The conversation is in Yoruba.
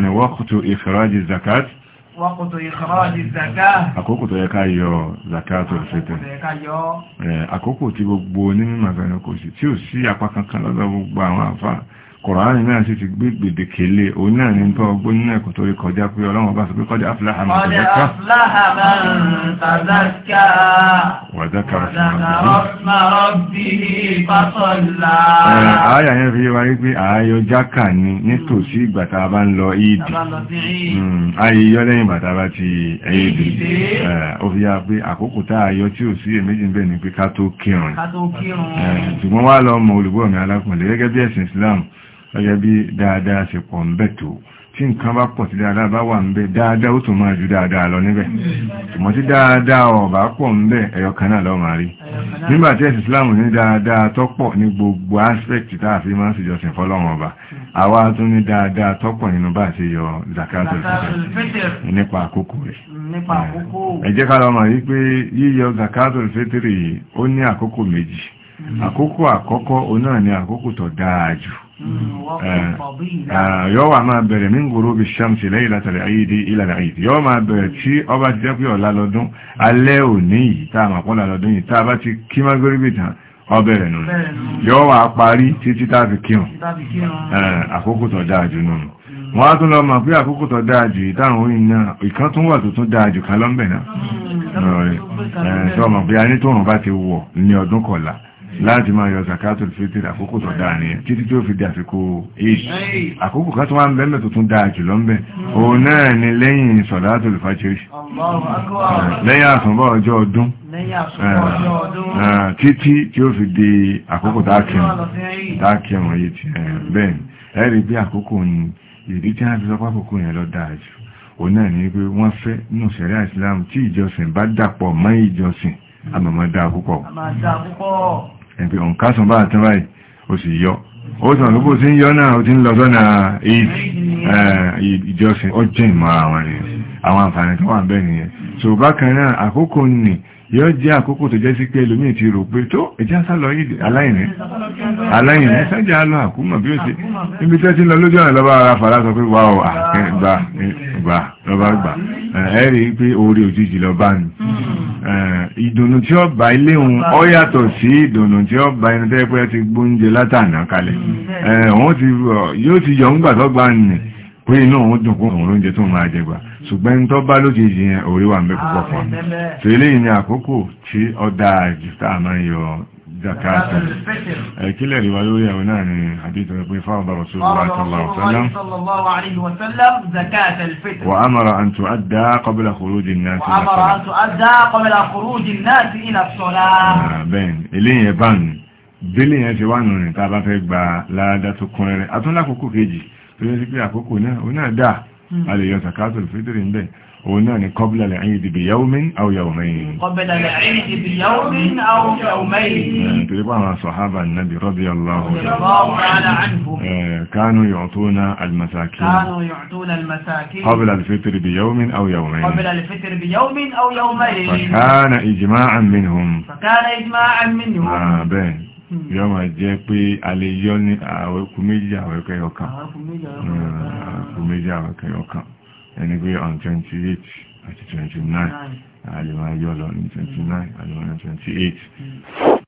náà ni waqtu ìfìrájì zakat waqtu ìfìrájì zakat àkókò tó yẹ ká yọ zakatul fitr àkókò tí gbogbo onímọ̀ àgbẹ̀nà kò sí tí ò sí apá kankan lọ́dọ̀ gbogbo àwọn àfáà Kùránì náà sì ti gbé gbèdékèlé òun náà ní tọ́ ọgbó nínú ẹ̀kọ́ tó rí kọjá pé Ọlọ́run bá sọ pé kọjá afúláhà máa tàzákà wàzákà ààyà yẹn fi wáyé pé ààyọ jákà ní nítòsí ìgbà tá a bá ń lọ ìdì hmm, ààyè yọ lẹ́yìn bàtà bá ti ẹ̀yẹ́dì ó fi yá pé àkókò tá ọjọ́ bí dáadáa ṣe pọ̀ ń bẹ̀ tó tí nǹkan bá pọ̀ tí dáadáa bá wà ń bẹ̀ dáadáa lọ níbẹ̀ ṣùgbọ́n Islam ní dáadáa gbogbo aspect tá a fi máa ń ṣèjọsìn fọlọ́run ọba àwa tún ní dáadáa nínú bá ṣe yọ zakato nípa àkókò rẹ̀ ẹ ká lọ yíyọ ó ní àkókò méjì àkókò àkọ́kọ́ òun náà ní àkókò tó dáa jù Mm, eh, yọ́ eh, wà máa bẹ̀rẹ̀ min gurubi shamsi laylatal eid ila al eid yọ́ máa bẹ̀rẹ̀ tí ọba ti jẹ́ pé ọ̀la lọ́dún alẹ́ òní yìí tá àmàpọ̀lá lọ́dún yìí tá a bá ti kí magribi tán ọbẹ̀rẹ̀ nù yọ́ wà parí títí tá a fi kírun eh, àkókò tó dáa jù nù mm. wọ́n á tún lọ mọ̀ pé àkókò tó dáa jù ìtàrùn orin náà ìkan tún wà tó tún dáa jù kan náà sọ mm, mọ̀ pé láti máa yọ zakatul fitr àkókò tó dáa ní títí tí ó fi di àsìkò èyí àkókò kan tó wá ń bẹ́ẹ̀ tó tún dáa jùlọ ń bẹ òun náà ni lẹ́yìn sọ̀dátul fajr lẹ́yìn àsùnbọ̀ ọjọ́ ọdún títí tí ó fi di àkókò tákìmọ̀ yìí ti bẹ́ẹ̀ ẹ̀rí bí àkókò yìí ìdí tí a fi sọpá àkókò yẹn lọ dáa jù òun náà ni pé wọ́n fẹ́ nù sẹ̀rẹ́ àìsílámù tí ìjọsìn bá dàpọ̀ mọ́ ìjọsìn àmọ̀mọ́ dáa púpọ̀ ẹ̀pẹ́ òǹkásùn bá àti báyìí ó sì yọ ó sì mọ̀ sí ń yọ náà ó ti ń lọ sọ́nà ìjọsìn ọjọ́ ìmọ̀ àwọn ènìyàn àwọn àǹfààní tó wà bẹ́ẹ̀ nìyẹn so bákan náà àkókò nì yọ jẹ́ àkókò tó jẹ́ sí pé ẹlòmíì ti rò pé tó ẹjá sálọ yìí aláìní aláìní sájà lọ àkúmọ̀ bí ó ṣe níbi tẹ́ ti lọ lójú ọ̀nà lọ́ba ara fàlá sọ pé wà ó àkẹ́ gbà lọ́ba gbà ẹ̀rí pé oore òjijì lọ́ba ni Eh, ìdùnnú tí ó bá ilé òun ó yàtọ̀ sí ìdùnnú tí ó bá inú tẹ́pẹ́ ti gbóúnjẹ látànà kalẹ̀ eh, yóò ti yọ ńgbà tó gbà nì pé inú òun dùn kó òun lóúnjẹ tó máa jẹgbà ṣùgbọ́n tó bá lójijì yẹn orí wà mẹ́ púpọ̀ fún mi tẹ́lẹ̀ ní àkókò tí ó dáa jù tá yọ jàkátà ìkílẹ̀ ríwá lórí àwọn náà ni àdíjọ pé fáwọn bá rọ̀sùn sallallahu alaihi wa sallam zakat al-fitr wa amara an tu'adda qabla khuruji an-nas ila as-salah wa amara an tu'adda qabla khuruji an-nas ila as-salah bẹ́ẹ̀ eléyìn ẹ̀bá nù délé yẹn ti wà nù rìn tá a bá fẹ́ gba ládá tó kún rẹ̀ atúnlákòókò kejì tó yẹ sí pé àkókò náà ó náà dáa عليه زكاة الفطر عنده إيه؟ هنا يعني قبل العيد بيوم أو يومين قبل العيد بيوم أو يومين آه، تبع صحابة النبي رضي الله عنه آه، كانوا يعطون المساكين كانوا يعطون المساكين قبل الفطر بيوم أو يومين قبل الفطر بيوم أو يومين فكان إجماعا منهم فكان إجماعا منهم آه بين Hmm. yọ́ ma jẹ́ pé a lè yọ́ ní àwẹ́kù méjì àwẹ́kẹ́ ọkàn hmm, ẹni pé on 28 àti 29 a lè máa yọ́ lọ ní 29 a 28